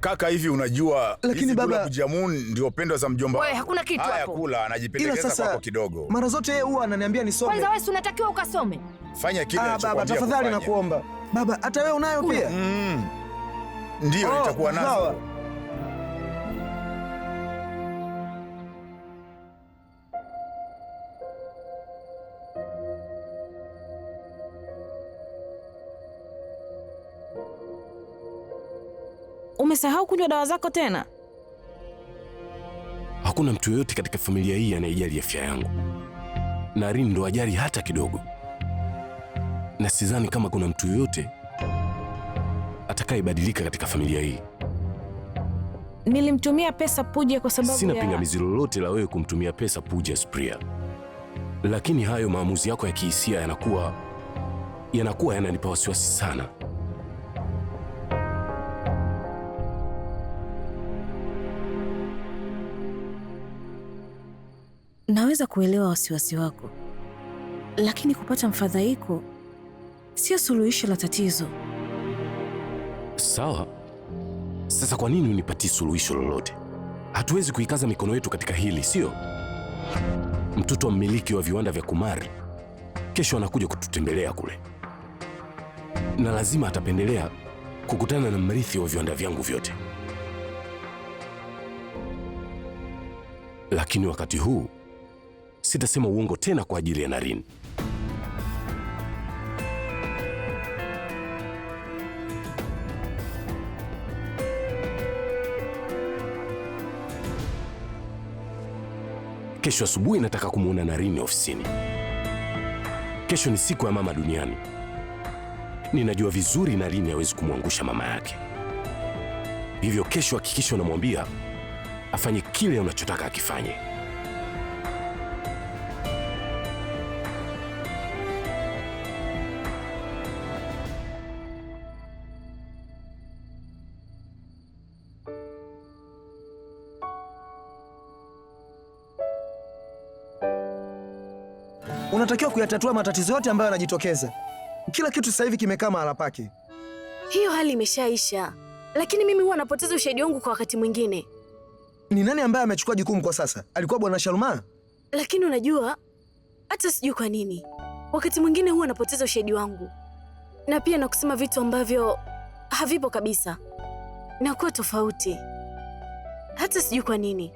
Kaka, hivi unajua lakini baba Jamun ndio pendo za mjomba. Wewe hakuna kitu hapo. Haya kula, anajipendekeza kwako kidogo. Mara zote yeye huwa ananiambia nisome. Kwanza wewe unatakiwa ukasome. Fanya kile unachokwambia. Baba tafadhali nakuomba. Baba hata wewe unayo pia? Mm. Ndio, oh, nitakuwa nazo. Umesahau kunywa dawa zako tena? Hakuna mtu yoyote katika familia hii anayejali afya yangu. Naren ndo ajali hata kidogo, na sidhani kama kuna mtu yoyote atakayebadilika katika familia hii. Nilimtumia pesa Puja kwa sababu sina ya... pingamizi lolote la wewe kumtumia pesa puja Spria, lakini hayo maamuzi yako ya kihisia yanakuwa yanakuwa yananipa wasiwasi sana. Naweza kuelewa wasiwasi wako, lakini kupata mfadhaiko sio suluhisho la tatizo. Sawa. Sasa kwa nini unipatie suluhisho lolote? Hatuwezi kuikaza mikono yetu katika hili, sio? Mtoto wa mmiliki wa viwanda vya Kumari kesho anakuja kututembelea kule, na lazima atapendelea kukutana na mrithi wa viwanda vyangu vyote, lakini wakati huu sitasema uongo tena kwa ajili ya Naren. Kesho asubuhi nataka kumwona Naren ofisini. Kesho ni siku ya mama duniani. Ninajua vizuri Naren hawezi kumwangusha mama yake, hivyo kesho hakikisha unamwambia afanye kile unachotaka akifanye. tunatakiwa kuyatatua matatizo yote ambayo yanajitokeza. Kila kitu sasa hivi kimekaa mahala pake. Hiyo hali imeshaisha, lakini mimi huwa napoteza ushahidi wangu kwa wakati mwingine. Ni nani ambaye amechukua jukumu kwa sasa? Alikuwa bwana Sharma. Lakini unajua, hata sijui kwa nini wakati mwingine huwa napoteza ushahidi wangu na pia na kusema vitu ambavyo havipo kabisa, nakuwa tofauti, hata sijui kwa nini,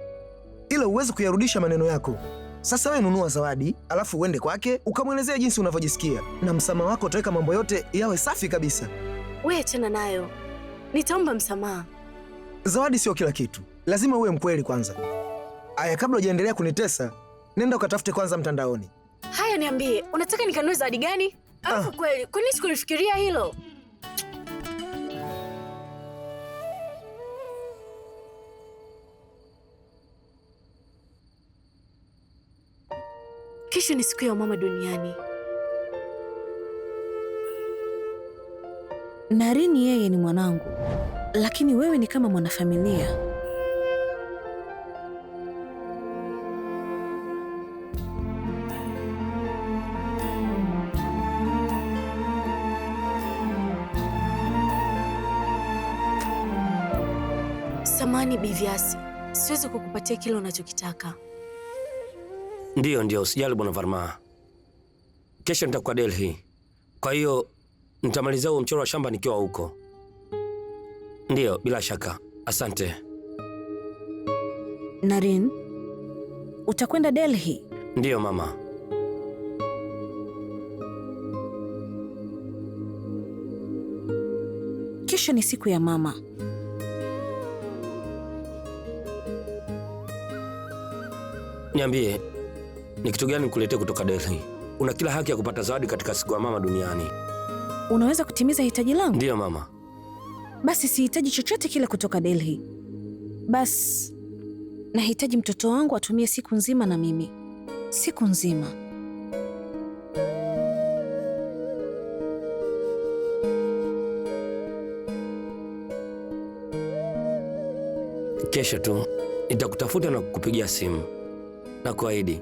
ila huwezi kuyarudisha maneno yako. Sasa wewe nunua zawadi, alafu uende kwake ukamwelezea jinsi unavyojisikia, na msamaha wako utaweka mambo yote yawe safi kabisa. Wewe achana nayo, nitaomba msamaha. Zawadi sio kila kitu, lazima uwe mkweli kwanza. Aya, kabla hujaendelea kunitesa, nenda ukatafute kwanza mtandaoni. Haya, niambie, unataka nikanue zawadi gani? Alafu ah, kweli nini sikulifikiria hilo. Kesho ni siku ya mama duniani. Naren yeye ni mwanangu, lakini wewe ni kama mwanafamilia. Samani Bivyasi, siwezi kukupatia kile unachokitaka. Ndiyo, ndiyo, usijali bwana Varma, kesho nitakuwa Delhi, kwa hiyo nitamalizia huo mchoro wa shamba nikiwa huko. Ndiyo, bila shaka, asante. Naren, utakwenda Delhi? Ndiyo mama. Kesho ni siku ya mama. Niambie, ni kitu gani nikuletee kutoka Delhi? Una kila haki ya kupata zawadi katika siku ya mama duniani. Unaweza kutimiza hitaji langu? Ndiyo mama. Basi sihitaji chochote kile kutoka Delhi. Basi nahitaji mtoto wangu atumie siku nzima na mimi, siku nzima. Kesho tu nitakutafuta na kukupigia simu na kuahidi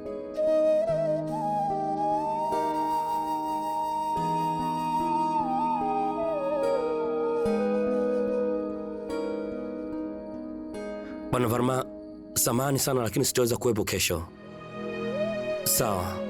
Bwana Varma, samahani sana lakini sitaweza kuwepo kesho. Sawa.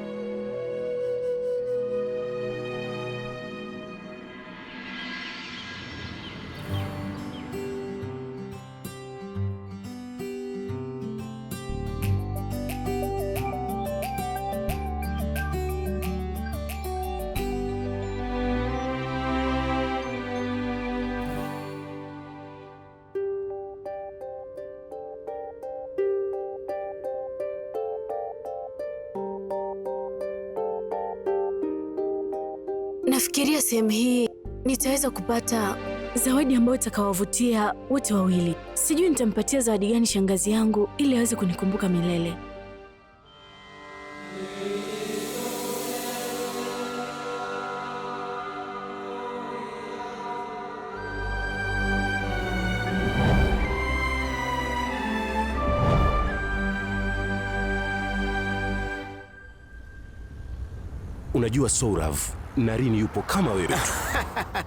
Nafikiria sehemu hii nitaweza kupata zawadi ambayo itakawavutia wote wawili. Sijui nitampatia zawadi gani shangazi yangu ili aweze kunikumbuka milele. Unajua Sourav Naren yupo kama wewe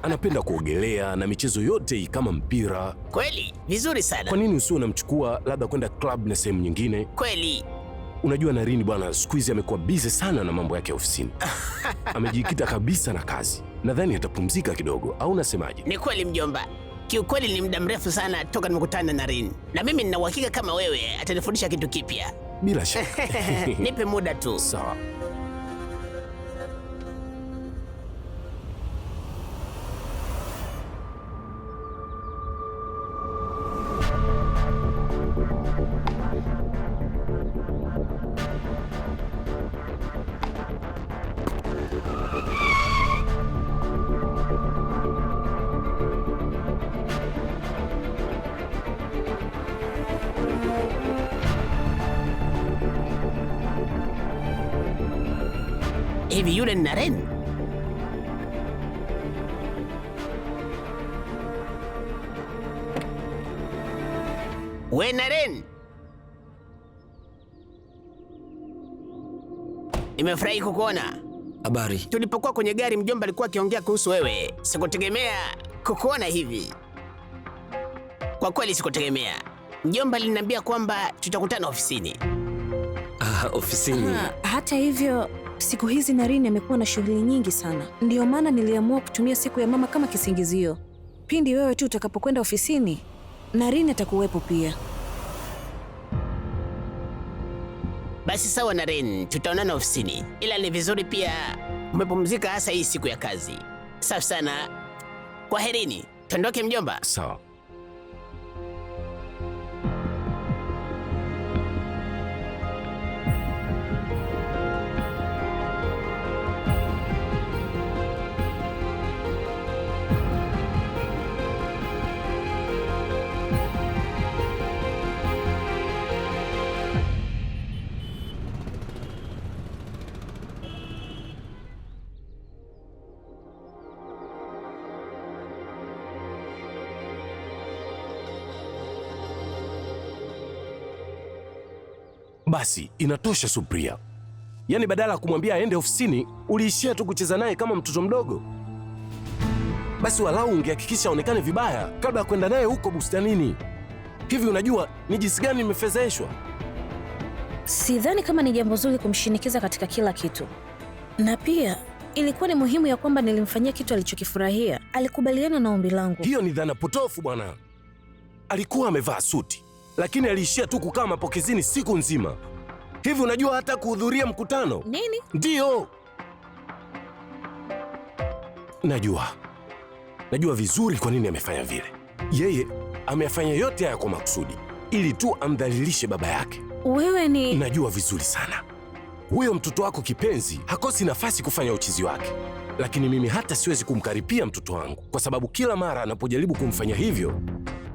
anapenda kuogelea na michezo yote kama mpira. Kweli vizuri sana. Kwa nini usio unamchukua labda kwenda club na sehemu nyingine? Kweli unajua Naren bwana, siku hizi amekuwa busy sana na mambo yake ofisini amejikita kabisa na kazi. Nadhani atapumzika kidogo, au unasemaje? Ni kweli mjomba, kiukweli ni muda mrefu sana toka nimekutana na Naren, na mimi nina uhakika kama wewe atanifundisha kitu kipya bila shaka. Nipe muda tu. Sawa. We na rin! Nimefurahi kukuona. Habari. Tulipokuwa kwenye gari, mjomba alikuwa akiongea kuhusu wewe. Sikutegemea kukuona hivi, kwa kweli sikutegemea. Mjomba aliniambia kwamba tutakutana ofisini. Ah, ofisini. Ah, hata hivyo siku hizi Naren amekuwa na shughuli nyingi sana, ndiyo maana niliamua kutumia siku ya mama kama kisingizio. Pindi wewe tu utakapokwenda ofisini, Naren atakuwepo pia. Basi sawa, Naren, tutaonana ofisini, ila ni vizuri pia umepumzika, hasa hii siku ya kazi. Safi sana, kwaherini. Tondoke mjomba. Sawa. Basi inatosha Supriya. Yaani badala ya kumwambia aende ofisini, uliishia tu kucheza naye kama mtoto mdogo. Basi walau ungehakikisha aonekane vibaya kabla ya kwenda naye huko bustanini. Hivi unajua ni jinsi gani nimefezeshwa? Sidhani kama ni jambo zuri kumshinikiza katika kila kitu, na pia ilikuwa ni muhimu ya kwamba nilimfanyia kitu alichokifurahia. Alikubaliana na ombi langu. Hiyo ni dhana potofu bwana. Alikuwa amevaa suti lakini aliishia tu kukaa mapokezini siku nzima. Hivi unajua hata kuhudhuria mkutano nini? Ndio najua najua vizuri kwa nini amefanya vile. Yeye ameyafanya yote haya kwa makusudi ili tu amdhalilishe baba yake. Wewe ni... najua vizuri sana huyo mtoto wako kipenzi hakosi nafasi kufanya uchizi wake, lakini mimi hata siwezi kumkaripia mtoto wangu kwa sababu kila mara anapojaribu kumfanya hivyo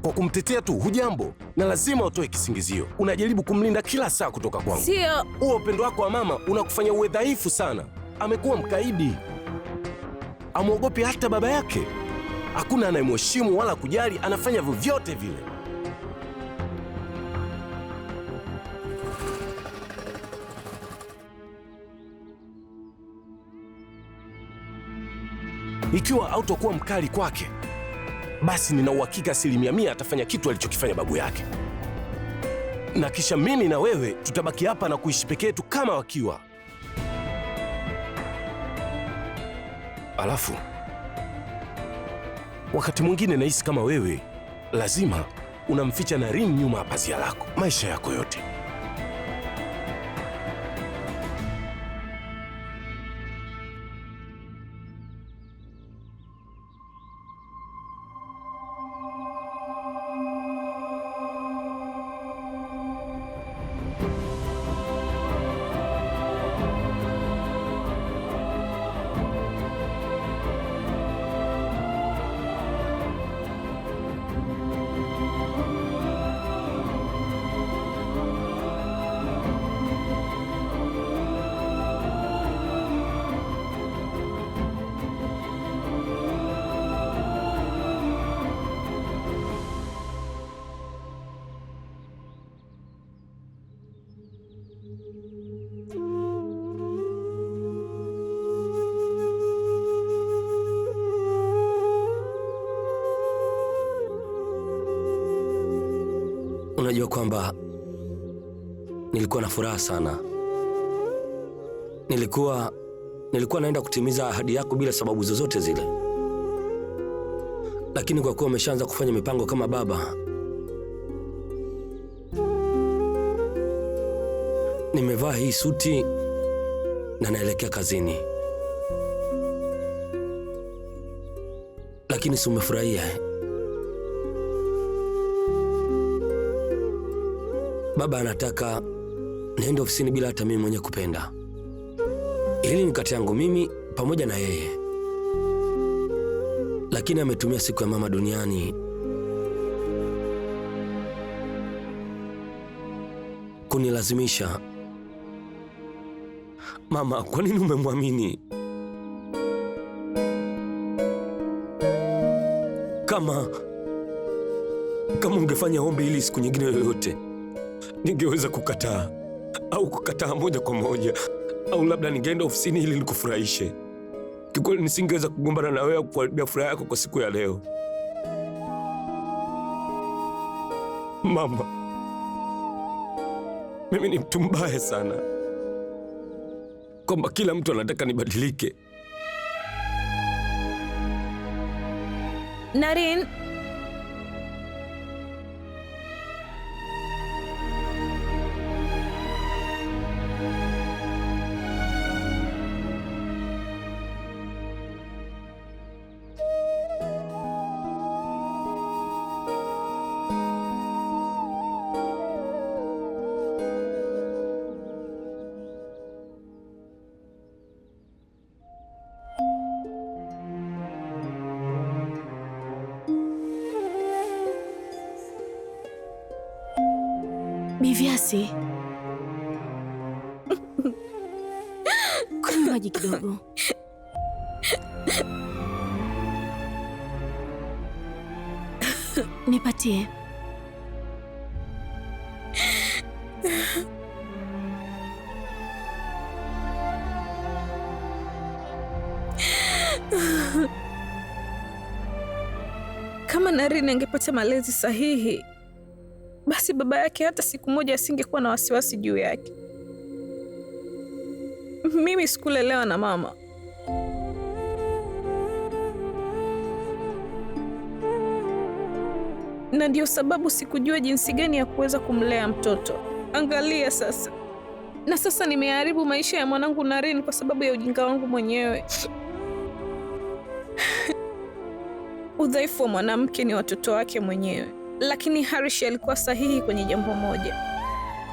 kwa kumtetea tu hujambo, na lazima utoe kisingizio. Unajaribu kumlinda kila saa kutoka kwangu, sio? Huo upendo wako wa mama unakufanya uwe dhaifu sana. Amekuwa mkaidi, amwogopi hata baba yake, hakuna anayemheshimu wala kujali, anafanya vyovyote vile. Ikiwa autokuwa mkali kwake basi nina uhakika asilimia mia atafanya kitu alichokifanya babu yake, na kisha mimi na wewe tutabaki hapa na kuishi peke yetu kama wakiwa. Alafu wakati mwingine nahisi kama wewe lazima unamficha Naren nyuma ya pazia lako maisha yako yote. unajua kwamba nilikuwa na furaha sana. Nilikuwa nilikuwa naenda kutimiza ahadi yako bila sababu zozote zile, lakini kwa kuwa umeshaanza kufanya mipango kama baba, nimevaa hii suti na naelekea kazini. Lakini si umefurahia eh? Baba anataka niende ofisini bila hata mimi mwenye kupenda. Hili ni kati yangu mimi pamoja na yeye, lakini ametumia siku ya mama duniani kunilazimisha. Mama, kwa nini umemwamini? Kama kama ungefanya ombi hili siku nyingine yoyote ningeweza kukataa au kukataa moja kwa moja, au labda ningeenda ofisini ili nikufurahishe. Kikweli nisingeweza kugombana na wewe au kuharibia furaha yako kwa siku ya leo. Mama, mimi ni mtu mbaya sana, kwamba kila mtu anataka nibadilike. Naren Nivyasi, kunywa maji kidogo. Nipatie. Kama Naren angepata malezi sahihi basi baba yake hata siku moja asingekuwa na wasiwasi juu yake. Mimi sikulelewa na mama. Na ndio sababu sikujua jinsi gani ya kuweza kumlea mtoto. Angalia sasa. Na sasa nimeharibu maisha ya mwanangu Naren kwa sababu ya ujinga wangu mwenyewe. Udhaifu wa mwanamke ni watoto wake mwenyewe. Lakini Harish alikuwa sahihi kwenye jambo moja: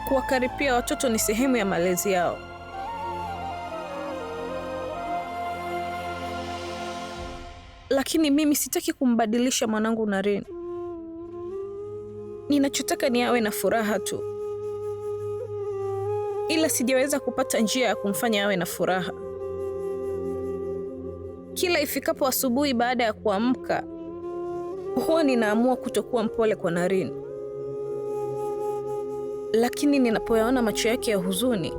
kuwakaripia watoto ni sehemu ya malezi yao. Lakini mimi sitaki kumbadilisha mwanangu Naren. Ninachotaka ni awe na furaha tu, ila sijaweza kupata njia ya kumfanya awe na furaha. Kila ifikapo asubuhi baada ya kuamka huwa ninaamua kutokuwa mpole kwa Naren, lakini ninapoyaona macho yake ya huzuni,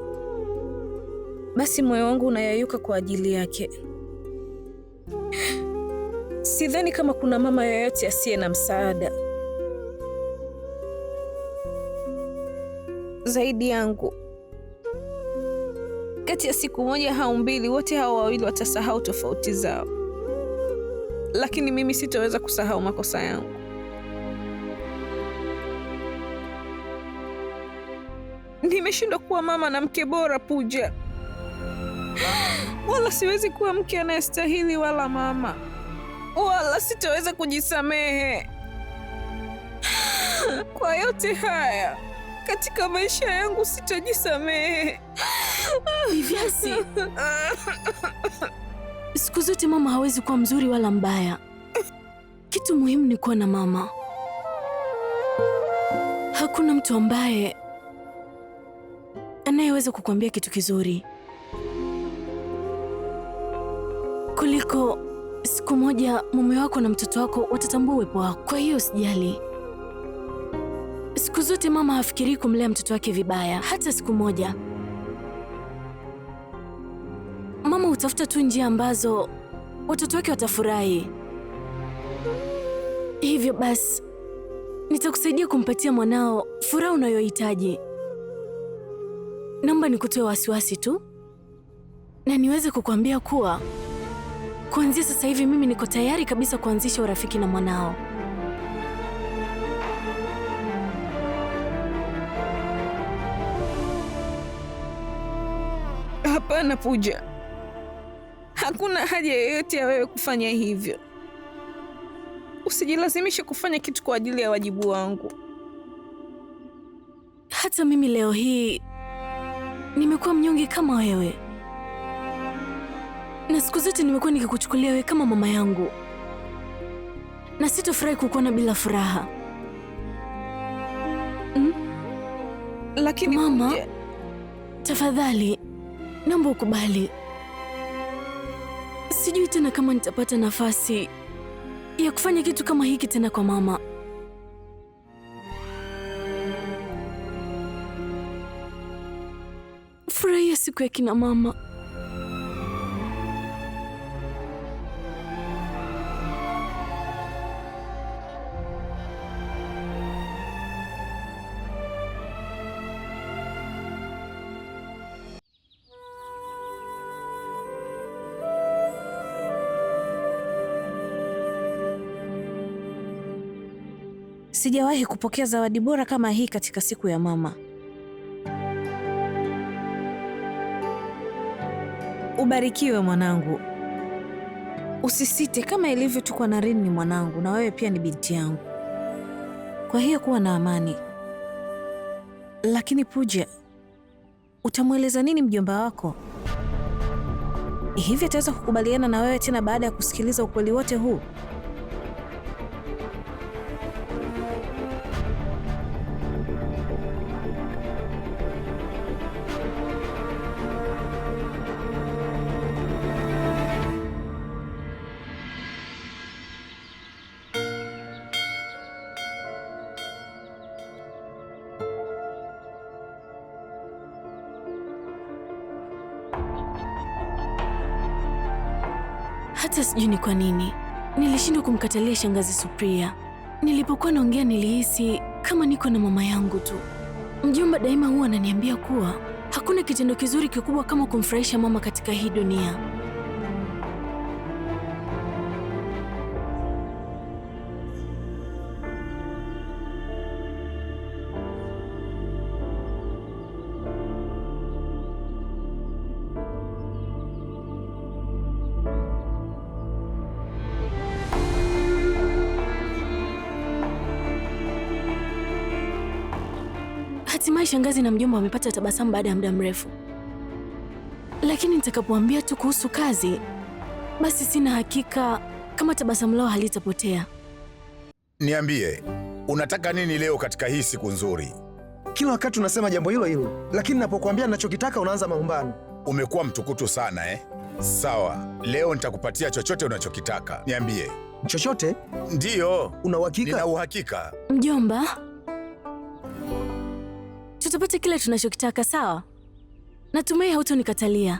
basi moyo wangu unayayuka kwa ajili yake. Sidhani kama kuna mama yoyote asiye na msaada zaidi yangu. Kati ya siku moja au mbili, wote hao wawili watasahau tofauti zao lakini mimi sitoweza kusahau makosa yangu. Nimeshindwa kuwa mama na mke bora, puja wala siwezi kuwa mke anayestahili wala mama, wala sitoweza kujisamehe kwa yote haya katika maisha yangu, sitajisamehe. Divyasi Siku zote mama hawezi kuwa mzuri wala mbaya. Kitu muhimu ni kuwa na mama. Hakuna mtu ambaye anayeweza kukuambia kitu kizuri kuliko siku moja mume wako na mtoto wako watatambua uwepo wako. Kwa hiyo usijali. Siku zote mama hafikirii kumlea mtoto wake vibaya hata siku moja. hutafuta tu njia ambazo watoto wake watafurahi. Hivyo basi, nitakusaidia kumpatia mwanao furaha unayohitaji. Naomba nikutoe wasiwasi tu na niweze kukuambia kuwa kuanzia sasa hivi mimi niko tayari kabisa kuanzisha urafiki na mwanao. Hapana, Pooja. Hakuna haja yoyote ya wewe kufanya hivyo. Usijilazimishe kufanya kitu kwa ajili ya wajibu wangu. Hata mimi leo hii nimekuwa mnyonge kama wewe, na siku zote nimekuwa nikikuchukulia wewe kama mama yangu, na sitofurahi kukuona bila furaha hmm? Lakini mama, tafadhali naomba ukubali Sijui tena kama nitapata nafasi ya kufanya kitu kama hiki tena kwa mama. Furahia siku ya kina mama. Sijawahi kupokea zawadi bora kama hii katika siku ya mama. Ubarikiwe mwanangu, usisite kama ilivyo tu kwa Naren. Ni mwanangu na wewe pia ni binti yangu, kwa hiyo kuwa na amani. Lakini puja utamweleza nini mjomba wako? Hivi ataweza kukubaliana na wewe tena baada ya kusikiliza ukweli wote huu? Hata sijui ni kwa nini nilishindwa kumkatalia shangazi Supriya. Nilipokuwa naongea, nilihisi kama niko na mama yangu tu. Mjomba daima huwa ananiambia kuwa hakuna kitendo kizuri kikubwa kama kumfurahisha mama katika hii dunia. shangazi na mjomba wamepata tabasamu baada ya muda mrefu, lakini nitakapoambia tu kuhusu kazi, basi sina hakika kama tabasamu lao halitapotea. Niambie, unataka nini leo katika hii siku nzuri? Kila wakati unasema jambo hilo hilo, lakini napokuambia ninachokitaka unaanza maumbano. Umekuwa mtukutu sana eh? Sawa, leo nitakupatia chochote unachokitaka. Niambie. Chochote? Ndiyo. Una uhakika? Nina uhakika. Mjomba, tutapata kile tunachokitaka sawa? Natumai hautonikatalia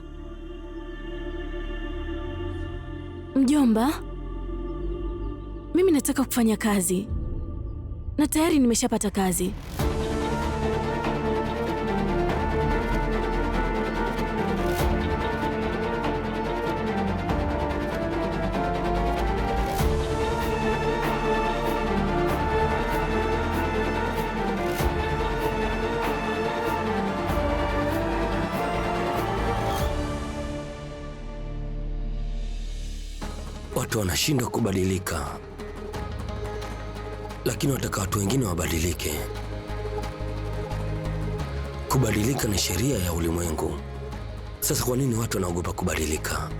mjomba. Mimi nataka kufanya kazi na tayari nimeshapata kazi. watu wanashindwa kubadilika, lakini wataka watu wengine wabadilike. Kubadilika ni sheria ya ulimwengu. Sasa kwa nini watu wanaogopa kubadilika?